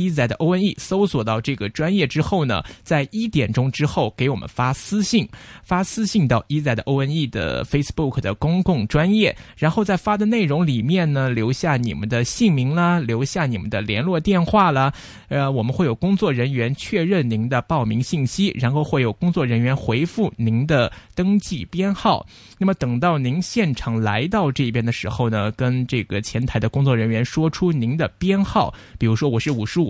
E Z O N E 搜索到這個專頁之後呢，在一點鐘之後給我們發私信，發私信到 E Z O N E 的 Facebook 的公共專頁，然後在發的內容裏面呢，留下你們的姓名啦，留下你們的聯絡電話啦，呃，我們會有工作人員確認您的報名信息，然後會有工作人員回覆您的登記編號。那麼等到您現場來到這邊的時候呢，跟這個前台的工作人員說出您的編號，比如說我是五十五。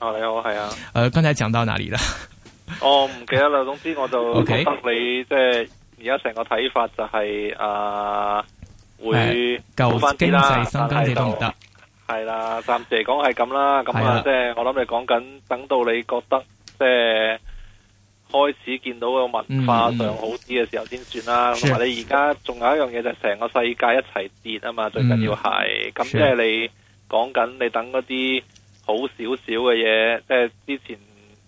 哦、啊，你好，係啊。誒、呃，剛才講到哪裏啦？我、哦、唔記得啦。總之我就覺得你即係而家成個睇法就係、是、誒、呃、會舊經濟、新經濟都唔得。係啦，暫時嚟講係咁啦。咁啊，即、就、係、是、我諗你講緊，等到你覺得即係、就是、開始見到個文化上好啲嘅時候先算啦。同埋你而家仲有一樣嘢就係、是、成個世界一齊跌啊嘛，最緊要係咁即係你講緊你，你等嗰啲。好少少嘅嘢，即係之前，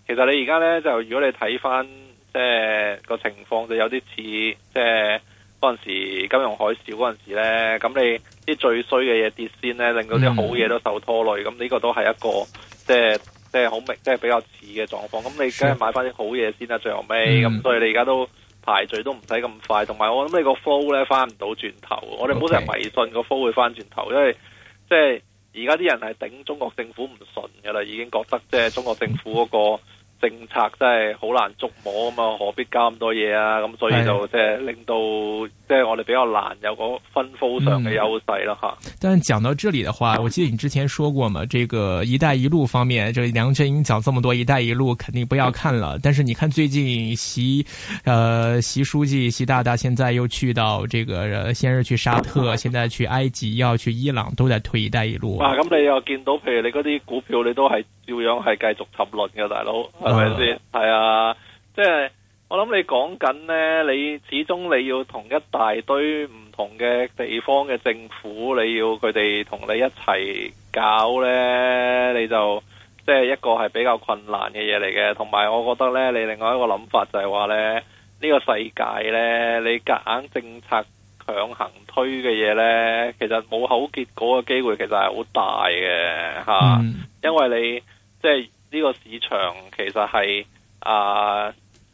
其實你而家呢，就如果你睇翻，即係個情況就有啲似，即係嗰陣時金融海嘯嗰陣時呢，咁你啲最衰嘅嘢跌先呢，令到啲好嘢都受拖累，咁、mm-hmm. 呢個都係一個，即係即係好明，即係比較似嘅狀況。咁你梗係買翻啲好嘢先啦，最後尾。咁、mm-hmm. 所以你而家都排序都唔使咁快，同埋我諗你個 flow 呢，翻唔到轉頭。Okay. 我哋唔好成日迷信個 flow 會翻轉頭，因為即係。而家啲人係頂中國政府唔順嘅啦，已經覺得即係中國政府嗰個。政策真係好難捉摸啊嘛，何必加咁多嘢啊？咁所以就即係令到即係我哋比較難有個分散上嘅優勢啦吓、嗯。但係講到這裏的話，我記得你之前說過嘛，這個一帶一路方面，就梁振英講咁多一帶一路，肯定不要看了。但是你看最近習，呃，習書記、習大大，現在又去到這個、呃，先是去沙特，現在去埃及，要去伊朗，都在推一帶一路、啊。哇、啊！咁你又見到，譬如你嗰啲股票，你都係照樣係繼續沉淪嘅，大佬。係咪先？係 啊，即係我諗你講緊呢，你始終你要同一大堆唔同嘅地方嘅政府，你要佢哋同你一齊搞呢，你就即係一個係比較困難嘅嘢嚟嘅。同埋，我覺得呢，你另外一個諗法就係話呢，呢、這個世界呢，你夾硬政策強行推嘅嘢呢，其實冇好結果嘅機會，其實係好大嘅吓、嗯，因為你即係。呢、這個市場其實係啊、呃，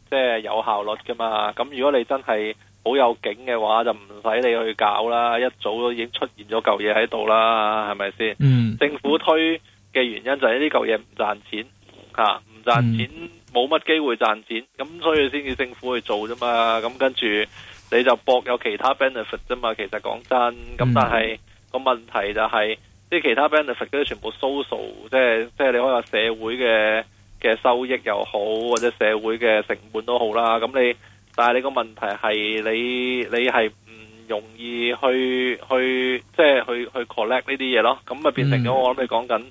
即係有效率噶嘛。咁如果你真係好有景嘅話，就唔使你去搞啦。一早已經出現咗舊嘢喺度啦，係咪先？嗯，政府推嘅原因就係呢舊嘢唔賺錢，吓、嗯、唔、啊、賺錢冇乜、嗯、機會賺錢，咁所以先至政府去做啫嘛。咁跟住你就博有其他 benefit 啫嘛。其實講真，咁但係、嗯、個問題就係、是。即係其他 benefits 嗰全部 social，即係即係你可以話社會嘅嘅收益又好，或者社會嘅成本都好啦。咁你但係你個問題係你你係唔容易去去即係去去 collect 呢啲嘢咯。咁咪變成咗、嗯、我諗你講緊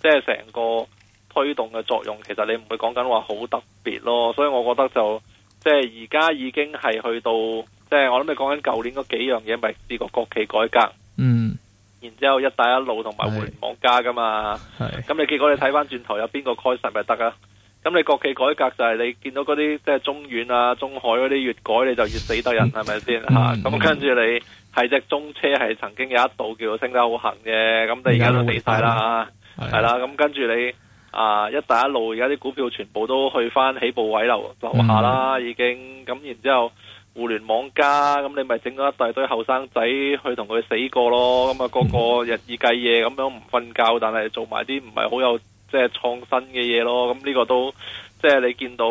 即係成個推動嘅作用，其實你唔會講緊話好特別咯。所以我覺得就即係而家已經係去到即係我諗你講緊舊年嗰幾樣嘢，咪試過國企改革。嗯。然之後，一帶一路同埋互聯網加㗎嘛，咁你結果你睇翻轉頭有邊個開心咪得啊？咁你國企改革就係你見到嗰啲即係中遠啊、中海嗰啲越改你就越死得人係咪先嚇？咁、嗯嗯啊嗯、跟住你係、嗯、隻中車係曾經有一度叫做升得好行嘅，咁你而家都死晒啦嚇，係、嗯、啦。咁跟住你啊，一帶一路而家啲股票全部都去翻起步位樓樓下啦，已經咁然之後。互聯網加，咁你咪整咗一大堆後生仔去同佢死過咯咁啊、那個個日以繼夜咁樣唔瞓覺，但係做埋啲唔係好有即係創新嘅嘢咯。咁呢個都即係你見到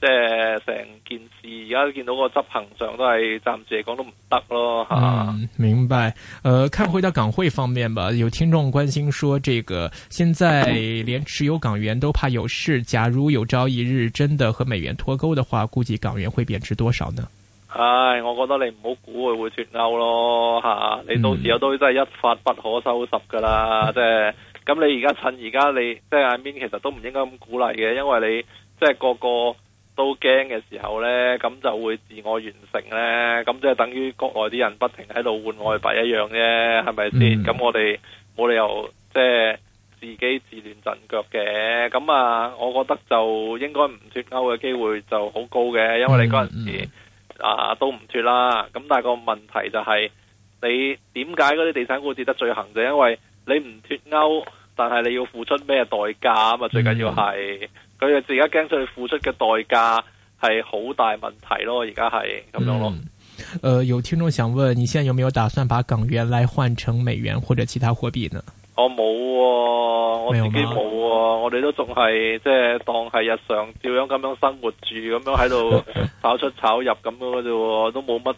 即係成件事而家見到個執行上都係暫時嚟講都唔得咯嚇、嗯啊。明白。呃，看回到港匯方面吧。有聽眾關心說：這個現在連持有港元都怕有事，假如有朝一日真的和美元脫鉤的話，估計港元會貶值多少呢？唉，我覺得你唔好估佢會脫歐咯吓、啊，你到時候都真係一發不可收拾噶啦，即係咁你而家趁而家你即係眼邊，就是、I mean, 其實都唔應該咁鼓勵嘅，因為你即係、就是、個個都驚嘅時候呢，咁就會自我完成呢。咁即係等於國內啲人不停喺度換外幣一樣啫，係咪先？咁、嗯、我哋冇理由即係、就是、自己自亂陣腳嘅，咁啊，我覺得就應該唔脫歐嘅機會就好高嘅，因為你嗰陣時。嗯嗯啊，都唔脫啦。咁但係個問題就係、是，你點解嗰啲地產股跌得最狠？就因為你唔脫歐，但係你要付出咩代價？咁、嗯、啊，最緊要係佢哋自己驚咗，付出嘅代價係好大問題咯。而家係咁樣咯。誒、嗯呃，有聽眾想問，你現在有沒有打算把港元來換成美元或者其他貨幣呢？我冇喎、啊，我自己冇喎、啊，我哋都仲係即係當係日常，照樣咁樣生活住，咁樣喺度炒出炒入咁嘅啫喎，都冇乜。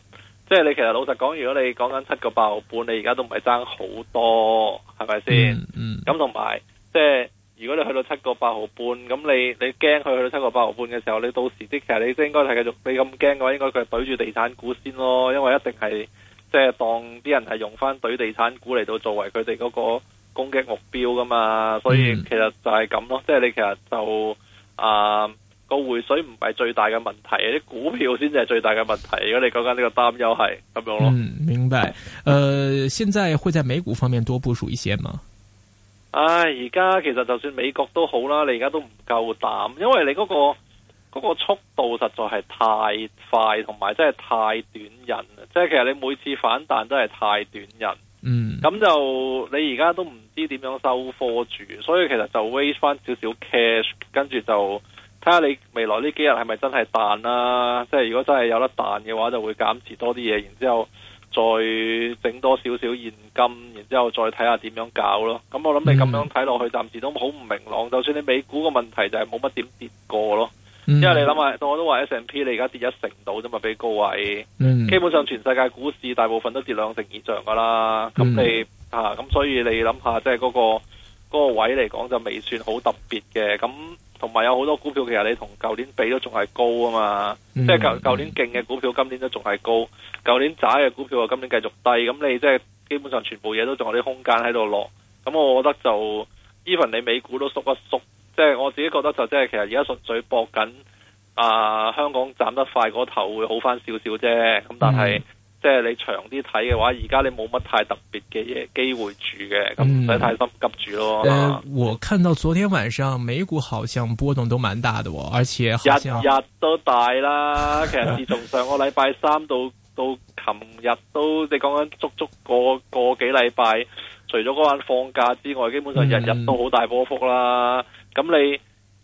即係你其實老實講，如果你講緊七個八毫半，你而家都唔係爭好多，係咪先？嗯嗯。咁同埋即係如果你去到七個八毫半，咁你你驚佢去到七個八毫半嘅時候，你到時即其實你應該係繼續你咁驚嘅話，應該佢係對住地產股先咯，因為一定係即係當啲人係用翻對地產股嚟到作為佢哋嗰個。攻擊目標噶嘛，所以其實就係咁咯，即係你其實就啊個回水唔係最大嘅問題，啲股票先至係最大嘅問題。如果你講緊呢個擔憂係咁樣咯。嗯，明白。誒、呃，現在會在美股方面多部署一些嗎？唉、哎，而家其實就算美國都好啦，你而家都唔夠膽，因為你嗰、嗰個、嗰個速度實在係太快，同埋真係太短人。即係其實你每次反彈都係太短人。嗯，咁就你而家都唔知點樣收貨住，所以其實就 raise 翻少少 cash，跟住就睇下你未來呢幾日係咪真係彈啦，啊，即係如果真係有得彈嘅話，就會減持多啲嘢，然之後再整多少少現金，然之後再睇下點樣搞咯。咁我諗你咁樣睇落去，暫時都好唔明朗。就算你美股個問題就係冇乜點跌過咯。嗯、因為你諗下，我都話 S&P 你而家跌一成度啫嘛，比高位，嗯，基本上全世界股市大部分都跌兩成以上噶啦。咁、嗯、你吓咁，啊、所以你諗下，即係嗰個、嗰個位嚟講就未算好特別嘅。咁同埋有好多股票，其實你同舊年比都仲係高啊嘛。即係舊舊年勁嘅股票，今年都仲係高；舊年渣嘅股票啊，今年繼續低。咁你即係、就是、基本上全部嘢都仲有啲空間喺度落。咁我覺得就 even 你美股都縮一縮。即係我自己覺得就即係其實而家純粹搏緊啊香港斬得快嗰頭會好翻少少啫，咁但係、嗯、即係你長啲睇嘅話，而家你冇乜太特別嘅嘢機會住嘅，咁唔使太心急住咯、呃。我看到昨天晚上美股好像波動都蠻大嘅喎，而且好像日日都大啦。 其實自從上個禮拜三到到琴日都，你講緊足足個個幾禮拜，除咗嗰晚放假之外，基本上日日都好大波幅啦。嗯咁你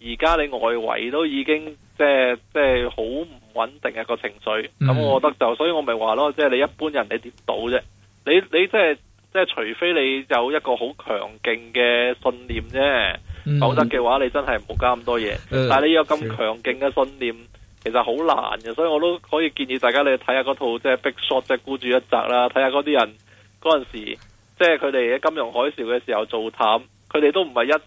而家你外圍都已經即係即係好唔穩定一個情緒，咁、嗯、我覺得就，所以我咪話咯，即係你一般人你跌到啫，你你即係即係除非你有一個好強勁嘅信念啫，否則嘅話你真係唔好加咁多嘢、嗯嗯。但係你要有咁強勁嘅信念，嗯嗯、其實好難嘅，所以我都可以建議大家你睇下嗰套即係 Big Short 即係孤注一擲啦，睇下嗰啲人嗰陣時，即係佢哋喺金融海嘯嘅時候做淡，佢哋都唔係一。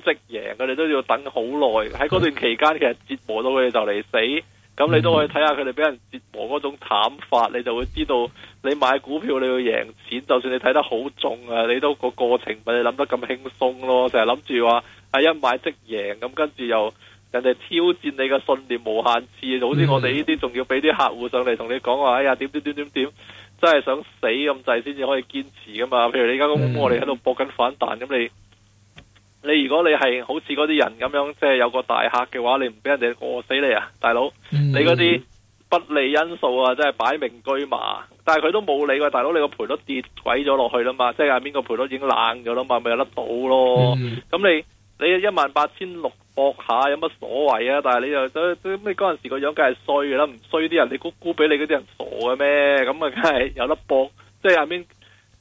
即贏，佢哋都要等好耐。喺嗰段期間，其實折磨到佢哋就嚟死。咁你都可以睇下佢哋俾人折磨嗰種慘法，你就會知道你買股票你要贏錢。就算你睇得好重啊，你都、嗰個過程咪你諗得咁輕鬆咯。成日諗住話係一買即贏，咁跟住又人哋挑戰你嘅信念無限次。總之我哋呢啲仲要俾啲客戶上嚟同你講話，哎呀點點點點點，真係想死咁滯先至可以堅持噶嘛。譬如你而家股股，我哋喺度搏緊反彈，咁你。你如果你係好似嗰啲人咁樣，即係有個大客嘅話，你唔俾人哋餓死你啊，大佬！嗯、你嗰啲不利因素啊，即係擺明居嘛。但係佢都冇理㗎，大佬你個賠率跌鬼咗落去啦嘛，即係下面個賠率已經冷咗啦嘛，咪有得賭咯。咁、嗯、你你一萬八千六博下、啊、有乜所謂啊？但係你又都咩嗰陣時個樣梗係衰啦，唔衰啲人你估估俾你嗰啲人傻嘅咩？咁啊梗係有得博，即係下面，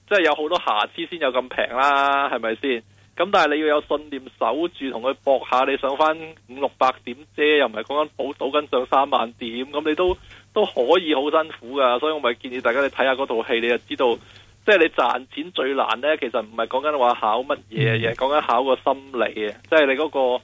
即係有好多瑕疵先有咁平啦，係咪先？咁但係你要有信念守住同佢搏下，你上翻五六百點啫，又唔係講緊保賭緊上三萬點，咁你都都可以好辛苦噶，所以我咪建議大家你睇下嗰套戲，你就知道，即係你賺錢最難呢，其實唔係講緊話考乜嘢而係講緊考個心理，即係你嗰個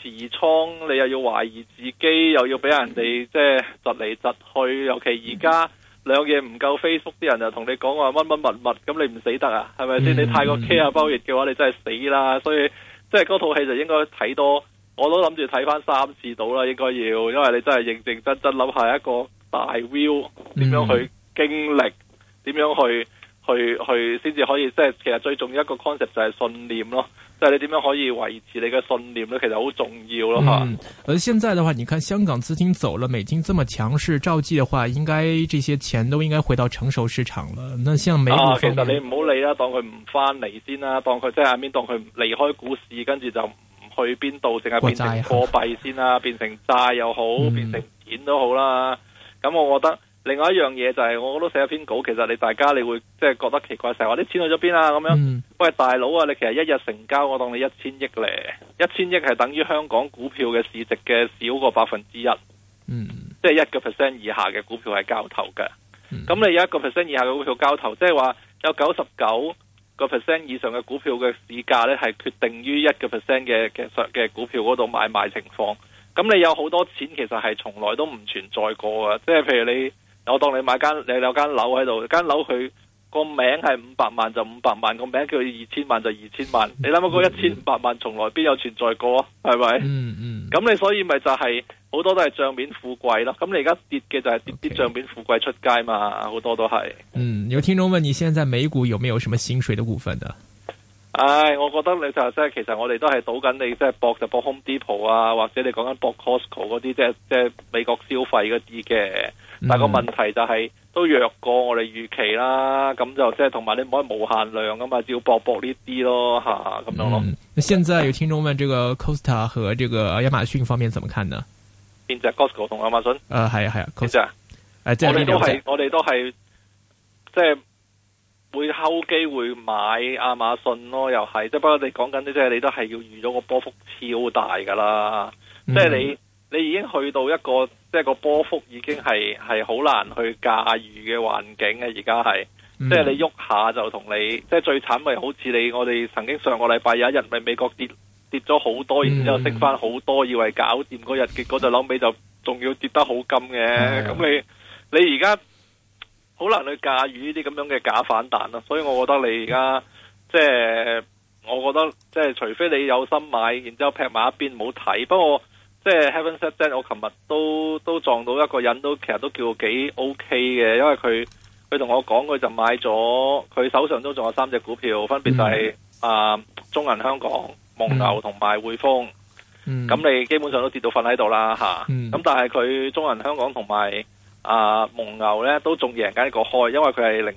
持倉，你又要懷疑自己，又要俾人哋即係窒嚟窒去，尤其而家，嗯兩嘢唔夠，Facebook 啲人就同你講話乜乜物物，咁你唔死得啊？係咪先？Mm-hmm. 你太過 care 包月嘅話，你真係死啦！所以，即係嗰套戲就應該睇多，我都諗住睇翻三次到啦，應該要，因為你真係認認真真諗下一個大 view 點樣去經歷，點、mm-hmm. 樣去。去去先至可以，即係其實最重要一個 concept 就係信念咯，即係你點樣可以維持你嘅信念咧，其實好重要咯吓、嗯。而現在嘅話，你看香港資金走了，美金這麼強勢，照計的話，應該這些錢都應該回到成熟市場了。那像美股啊，其實你唔好理啦，當佢唔翻嚟先啦，當佢即係下面當佢離開股市，跟住就唔去邊度，淨係變成貨幣先啦，變成債又好，變成錢都好啦。咁、嗯、我覺得。另外一樣嘢就係、是，我都寫咗篇稿。其實你大家你會即係覺得奇怪，成日話啲錢去咗邊啊？咁樣，嗯、喂大佬啊！你其實一日成交，我當你一千億嚟，一千億係等於香港股票嘅市值嘅少過百分之一。嗯、即係一個 percent 以下嘅股票係交投嘅。咁、嗯、你有一個 percent 以下嘅股票交投，即係話有九十九個 percent 以上嘅股票嘅市價呢，係決定於一個 percent 嘅嘅嘅股票嗰度買賣情況。咁你有好多錢其實係從來都唔存在過嘅，即係譬如你。我當你買間，你有間樓喺度，間樓佢個名係五百萬就五百萬，個名叫二千萬就二千萬。你諗下嗰一千五百萬從來邊有存在過啊？係 咪不是、 嗯？嗯嗯。咁你所以咪就係、是、好多都係賬面富貴咯。咁你而家跌嘅就係跌啲賬面富貴出街嘛，好多都係。嗯，有聽眾問你，現在美股有沒有什麼薪水的股份的？唉、哎，我覺得你就即係，其實我哋都係賭緊你，即係博就博 Home Depot 啊，或者你講緊博 Costco 嗰啲，即係即係美國消費嗰啲嘅。但係個問題就係、是、都弱過我哋預期啦。咁就即係同埋你唔可以無限量噶嘛，照要博博呢啲咯吓咁樣咯。嗯，那現在有聽眾問，這個 Costa 和這個亞馬遜方面怎麼看呢？變咗 Costco 同亞馬遜？誒、呃，係啊係啊，Costa。我哋都係，我哋都係，即係。會睺機會買亞馬遜咯，又係，即係不過你講緊啲即係你都係要遇咗個波幅超大噶啦，即、嗯、係、就是、你你已經去到一個即係個波幅已經係係好難去駕馭嘅環境嘅，而家係，即、嗯、係、就是、你喐下就同你，即係最慘咪好似你，我哋曾經上個禮拜有一日咪美國跌跌咗好多，嗯嗯嗯然之後升翻好多，以為搞掂嗰日，結果就攞尾就仲要跌得好金嘅，咁、嗯、你你而家。好難去駕馭呢啲咁樣嘅假反彈啦、啊，所以我覺得你而家即係，我覺得即係，除非你有心買，然之後劈埋一邊冇睇。不過即係 Heaven said that，我琴日都都撞到一個人都其實都叫幾 OK 嘅，因為佢佢同我講佢就買咗，佢手上都仲有三隻股票，分別就係、是、啊、嗯呃、中銀香港、蒙牛同埋匯豐。咁、嗯、你基本上都跌到瞓喺度啦吓，咁、啊嗯嗯、但係佢中銀香港同埋。啊蒙牛咧都仲贏緊一個開，因為佢係零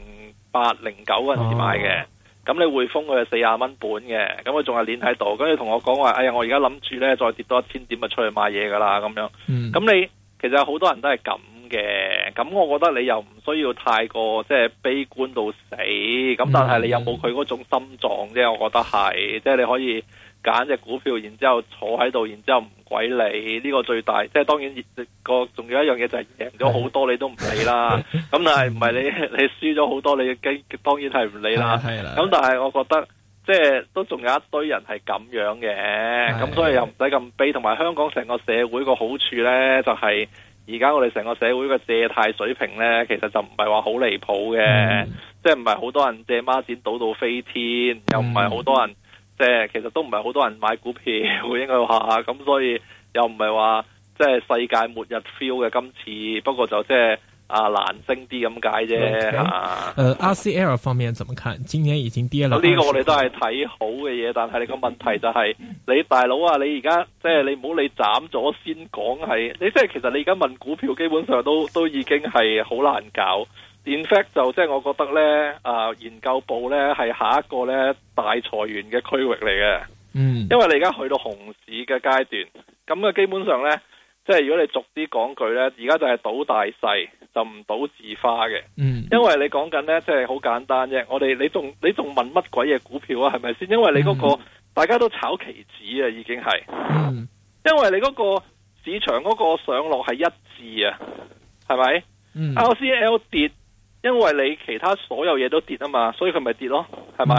八零九嗰陣時買嘅。咁、啊、你匯豐佢係四十蚊本嘅，咁佢仲係連喺度。咁你同我講話，哎呀我而家諗住咧再跌多一千點就出去買嘢噶啦，咁樣。咁、嗯、你其實好多人都係咁嘅。咁我覺得你又唔需要太過即係、就是、悲觀到死，咁但係你有冇佢嗰種心臟啫？我覺得係、即、就、係、是、你可以。揀隻股票，然之後坐喺度，然之後唔鬼理呢個最大。即係當然個仲有一樣嘢就係贏咗好多，你都唔理啦。咁 但係唔係你你輸咗好多，你當然係唔理啦。咁但係我覺得即係都仲有一堆人係咁樣嘅。咁所以又唔使咁悲。同埋香港成個社會個好處呢，就係而家我哋成個社會嘅借貸水平呢，其實就唔係話好離譜嘅。即係唔係好多人借孖展賭到飛天，又唔係好多人。即係其實都唔係好多人買股票 應該話咁，所以又唔係話即係世界末日 feel 嘅今次，不過就即係啊難升啲咁解啫。誒、okay. 啊呃、，RCL 方面怎麼看？今年已經跌咗。咁、這、呢個我哋都係睇好嘅嘢，但係你個問題就係、是、你大佬啊，你而家即係你唔好你斬咗先講係，你即係其實你而家問股票，基本上都都已經係好難搞。In fact, 就即係我覺得咧，啊研究部咧係下一個咧大裁員嘅區域嚟嘅。嗯，因為你而家去到熊市嘅階段，咁啊基本上咧，即係如果你逐啲講句咧，而家就係賭大細，就唔賭字花嘅。嗯，因為你講緊咧，即係好簡單啫，我哋你仲你仲問乜鬼嘢股票啊，係咪先？因為你嗰個，嗯，大家都炒期指啊，已經係、嗯，因為你嗰個市場嗰個上落係一致啊，係咪？嗯，RCL 跌。因為你其他所有嘢都跌啊嘛，所以佢咪跌咯，係咪？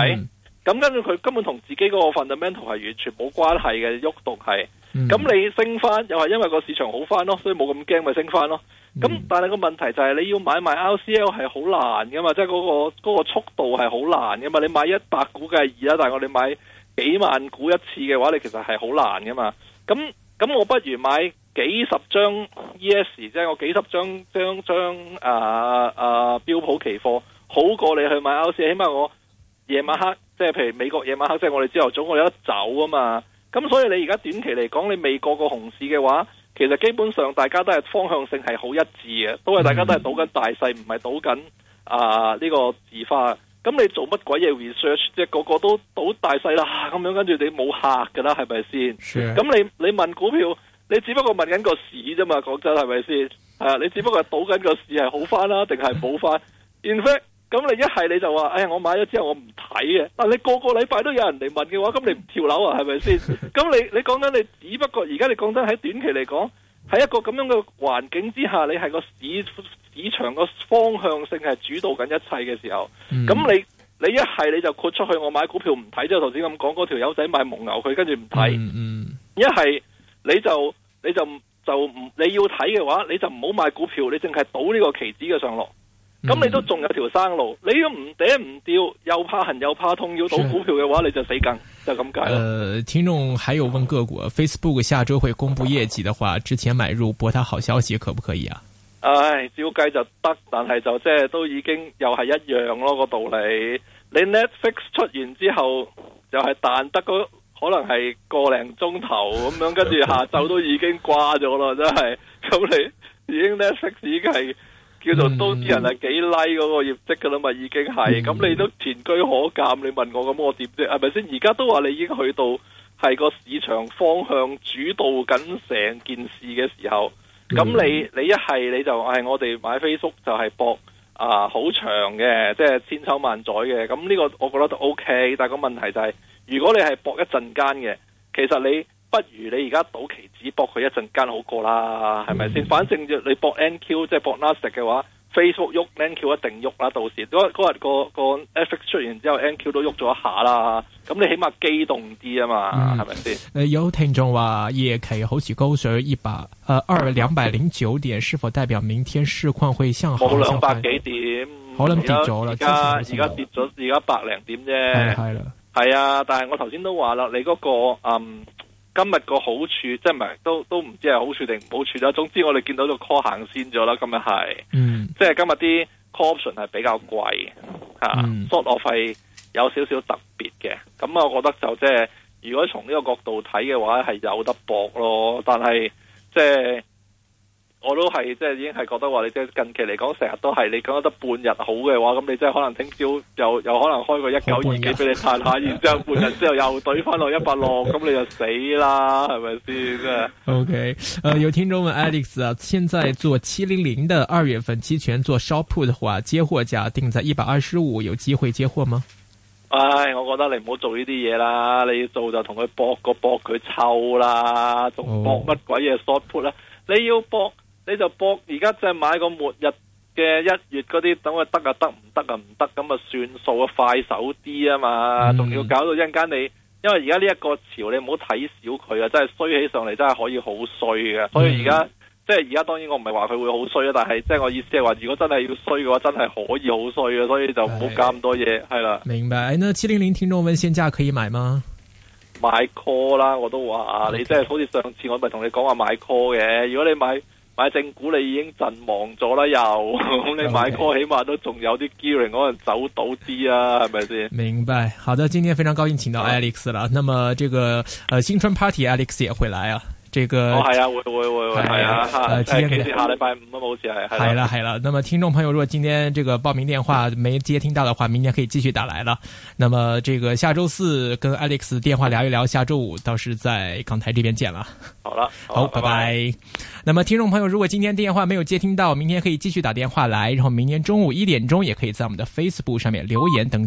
咁跟住，佢根本同自己嗰個 fundamental 係完全冇關係嘅，喐動係。咁、嗯、你升翻又係因為個市場好翻咯，所以冇咁驚咪升翻咯。咁、嗯、但係個問題就係、是、你要買賣 LCL 係好難噶嘛，即係嗰個、那個速度係好難噶嘛。你買一百股計易啦，但係我哋買幾萬股一次嘅話，你其實係好難噶嘛。咁咁我不如買，幾十張 E.S. 即係我幾十張張張誒誒標普期貨好過你去買歐市，起碼我夜晚黑即係譬如美國夜晚黑，即係我哋朝頭早我有得走啊嘛。咁所以你而家短期嚟講，你未過過熊市嘅話，其實基本上大家都係方向性係好一致嘅，都係大家都係賭緊大細，唔係賭緊啊呢、這個字花。咁你做乜鬼嘢 research？即係個個都賭大細啦，咁、啊、樣跟住你冇客噶啦，係咪先？咁、sure. 你你問股票？你只不過問緊個市啫嘛，講真係咪先？係 啊，你只不過係賭緊個市係好翻啦，定係冇翻？In fact，咁你一係你就話：哎呀，我買咗之後我唔睇嘅。嗱，你個個禮拜都有人嚟問嘅話，咁你唔跳樓啊？係咪先？咁 你你講緊你只不過而家你講真喺短期嚟講，喺一個咁樣嘅環境之下，你係個市市場個方向性係主導緊一切嘅時候，咁、嗯、你你一係你就豁出去，我買股票唔睇，即係頭先咁講嗰條友仔買蒙牛佢跟住唔睇，一、嗯、係、嗯、你就。你就就唔你要睇嘅話，你就唔好買股票，你淨係賭呢個期指嘅上落。咁、嗯、你都仲有條生路。你要唔嗲唔掉，又怕痕又怕痛，要賭股票嘅話，你就死梗，就咁、是、解呃，誒，聽眾還有問個股、嗯、，Facebook 下周會公布業績嘅話，之前買入博他好消息可不可以啊？唉、哎，照計就得，但係就即係都已經又係一樣咯個道理。你 Netflix 出完之後，就係、是、彈得嗰。可能係個零鐘頭咁樣，跟住下晝都已經掛咗喇。真係。咁你已經呢息、嗯、已經係叫做都啲人係幾 like 嗰個業績噶啦嘛，已經係。咁、嗯、你都前車可鑒，你問我咁我點啫？係咪先？而家都話你已經去到係個市場方向主導緊成件事嘅時候，咁你你一係你就係、哎、我哋買 Facebook 就係博啊好長嘅，即係千秋萬載嘅。咁呢個我覺得都 OK，但係個問題就係、是。如果你係博一陣間嘅，其實你不如你而家賭期指博佢一陣間好過啦，係咪先？反正你博 NQ 即係博 Nasdaq 嘅話，Facebook 喐 NQ 一定喐啦。到時嗰日、嗰個、嗰個 FX 出完之後，NQ 都喐咗一下啦。咁你起碼機動啲啊嘛，係咪先？有聽眾話，夜期好似高水一百，呃、二兩百零九點，是否代表明天市況會向好咗？兩百幾點好，可能跌咗啦。而家而家而家而家跌咗，而家百零點啫。係啦。係啊，但係我頭先都話啦，你嗰、那個嗯，今日個好處即係唔係都都唔知係好處定唔好處啦。總之我哋見到個 call 行先咗啦，今日係，嗯，即係今日啲 call option 係比較貴，吓、啊，收落費有少少特別嘅。咁我覺得就即係如果從呢個角度睇嘅話，係有得搏咯。但係即係。我都係即係已經係覺得，你得話你即係近期嚟講成日都係你講得半日好嘅話，咁你即係可能聽朝又又可能開個一九二幾俾你嘆下，然之後半日之後又懟翻落一百六，咁你就死啦係咪先啊？OK，誒、uh，有聽眾問 Alex 啊，現在做七零零嘅二月份期權做 short put 嘅話，接貨價定在一百二十五，有機會接貨嗎？唉、哎，我覺得你唔好做呢啲嘢啦，你要做就同佢搏個搏佢抽啦，仲搏乜鬼嘢 short put 啦，你要搏。你就搏而家即係買個末日嘅一月嗰啲，等佢得啊得唔得啊？唔得咁啊算數啊快手啲啊嘛，仲、嗯、要搞到一陣間你，因為而家呢一個潮你唔好睇小佢啊，真係衰起上嚟真係可以好衰嘅。所以而家、嗯、即係而家，當然我唔係話佢會好衰啊，但係即係我意思係話，如果真係要衰嘅話，真係可以好衰嘅。所以就唔好搞咁多嘢係啦。明白？呢七零零聽眾們現價可以買嗎？買 call 啦，我都話你即係好似上次我咪同你講話買 call 嘅，如果你買。買正股你已經陣亡咗啦，又、okay. 你買過起碼都仲有啲 gearing，可能走倒啲啊，係咪先？明白，好的，今天非常高興請到 Alex 啦，那麼這個，呃，新春 party，Alex 也會來啊。這個我係、哦、啊，我，會會會係啊，呃，下禮拜五啊，冇事、啊啊啊啊啊，那麼聽眾朋友，如果今天這個報名電話沒接聽到的話，明天可以繼續打來了。那麼這個下周四跟 Alex 電話聊一聊，下周五倒是在港台這邊見了。好了，好了好，拜拜。那麼聽眾朋友，如果今天電話沒有接聽到，明天可以繼續打電話來，然後明天中午一點鐘也可以在我們的 Facebook 上面留言等。